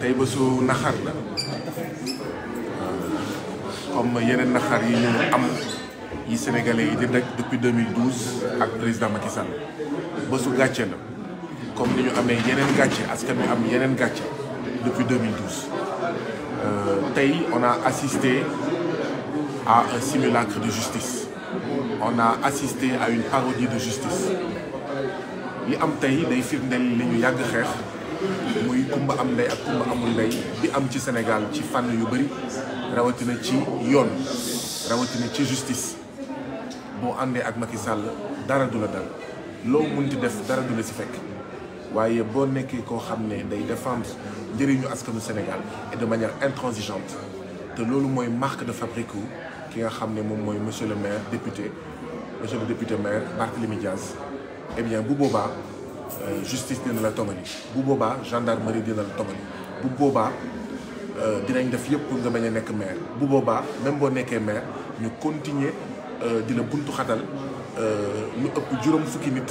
tey bésu naxar la euh, comme yeneen naxar yi ñu am yi sénégalais yi di rek depuis 2012 ak président Macky Sall bésu gàcce la comme ni ñu amee yeneen gàcce askan wi am yeneen gàcce depuis euh, tey on a assisté à un de justice on a assisté à une parodie de justice li am tey day firndeel li ñu yàgg xeex muy kumba am ndey ak kumba amul ndey bi am ci Sénégal ci fànn yu bëri rawatina ci yoon rawatina ci justice boo àndee ak Macky sàll dara du la dal loo munti def dara du la si fekk waaye boo nekkee koo xam ne day défendre njëriñu askanu Sénégal et de manière intransigeante te loolu mooy marque de fabrique ki nga xam ne moom mooy monsieur le maire député monsieur le député maire Barthélémy Diaz eh bien bu boobaa Euh, justice dina la tongali bu boobaa gendarmerie dina la tongali bu boobaa euh, dinañ def yëpp pour nga bañ nekk maire bu boobaa même boo nekkee maire ñu continuer euh, di la buntu xatal lu ëpp juróom fukki nit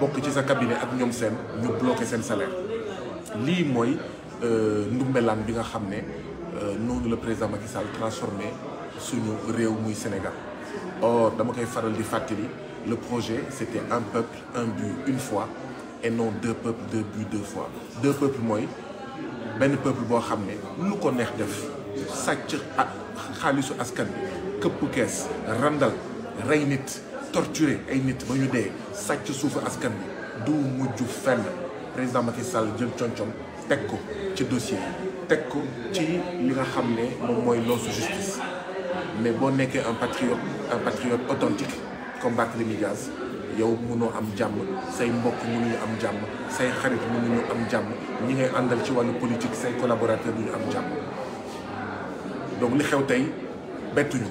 bokk ci sa cabinet ak ñoom seen ñu bloqué seen salaire lii mooy ndumbelaan bi nga xam ne noonu la président Macky Sall transformé suñu réew muy Sénégal or dama koy faral di fàttali le projet c'était un peuple un but une foi et non deux peuples deux buts deux fois deux peuples mooy benn peuple boo xam ne lu ko neex def sàcc xaalisu askan bi këpp kees randal rey nit torturer ay nit ba ñu dee sàcc suufu askan bi du mujj fenn président Macky Sall jël concom teg ko ci dossier teg ko ci li nga xam ne moom mooy loosu justice mais boo nekkee un patriote un patriote authentique combattre les médias yow mënoo am jàmm say mbokk mënuñu am jàmm say xarit mënuñu am jàmm ñi ngay àndal ci wàllu politique say collaborateur duñu am jàmm donc li xew tey bettuñu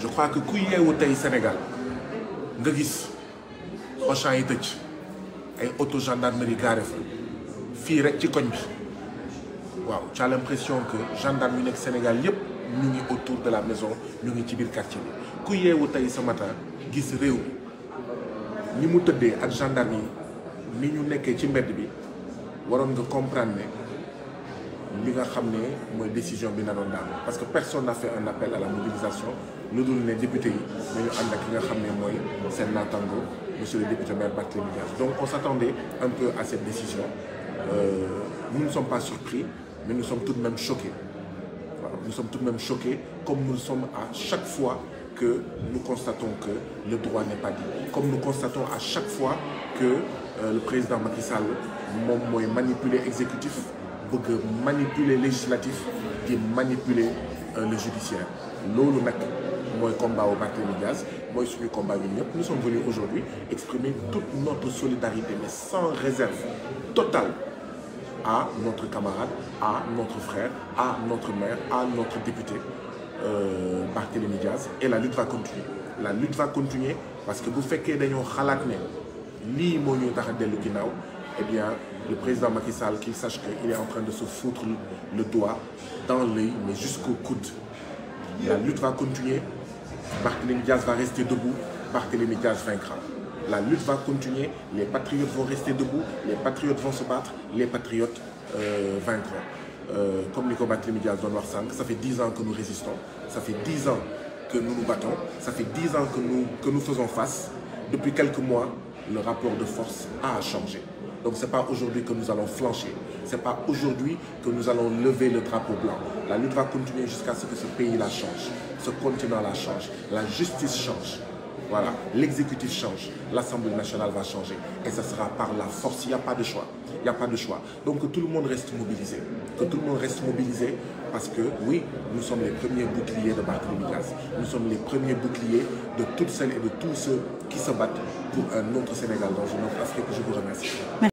je crois que ku yeewu tey Sénégal nga gis Auchan yi tëj ay auto gendarmerie garé fa fii rek ci koñ bi waaw tu as l'impression gendarme yu nekk Sénégal yépp ñu ngi autour de la maison ñu ngi ci biir quartier bi ku yeewu tey ce matin gis réew mi ni mu tëddee ak gendarme yi ni ñu nekkee ci mbedd bi waroon nga comprendre ne li nga xam ne mooy décision bi na naroon daal parce que personne n'a fait un appel à la mobilisation lu dul ne député yi nañu ànd ak ki nga xam ne mooy seen naataango monsieur le député maire Barthélémy donc on s'attendait un peu à cette décision euh, nous ne sommes pas surpris mais nous sommes tout de même choqués voilà nous tout de même choqués comme nous le à chaque fois que nous constatons que le droit n'est pas dit. Comme nous constatons à chaque fois que euh, le président Macky Sall moom mooy manipuler exécutif bëgg manipuler législatif di manipuler euh, le judiciaire loolu nag mooy combat wu Barthélémy Diaz mooy suñu combat ñun ñëpp nous sommes venus aujourd'hui exprimer toute notre solidarité mais sans réserve totale à notre camarade à notre frère à notre maire à notre député euh, Barthélémy Diaz et la lutte va continuer la lutte va continuer parce que bu fekkee dañoo xalaat ne lii moo ñuy tax a dellu ginnaaw eh bien le président Macky Sall qu'il sache que il est en train de se foutre le doigt dans l'œil mais jusqu'au coude la lutte va continuer Barthélémy Diaz va rester debout Barthélémy Diaz vaincra la lutte va continuer les patriotes vont rester debout les patriotes vont se battre les patriotes euh, vaincront Euh, comme Nico Barthélémy Diaz doon wax sànq ça fait dix ans que nous résistons ça fait dix ans que nous nous battons ça fait dix ans que nous que nous faisons face depuis quelques mois le rapport de force a changé donc c'est pas aujourd'hui que nous allons flancher c'est pas aujourd'hui que nous allons lever le drapeau blanc la lutte va continuer jusqu'à ce que ce pays la change ce continent la change la justice change Voilà, l'exécutif change, l'Assemblée nationale va changer. Et ça sera par la force, il n'y a pas de choix. Donc que tout le monde reste mobilisé. Que parce que oui, nous sommes les premiers boucliers de Barthélemy Diaz. Nous sommes les premiers boucliers de toutes celles et de tous ceux qui se battent pour un autre Sénégal dans une autre Afrique. Je vous remercie.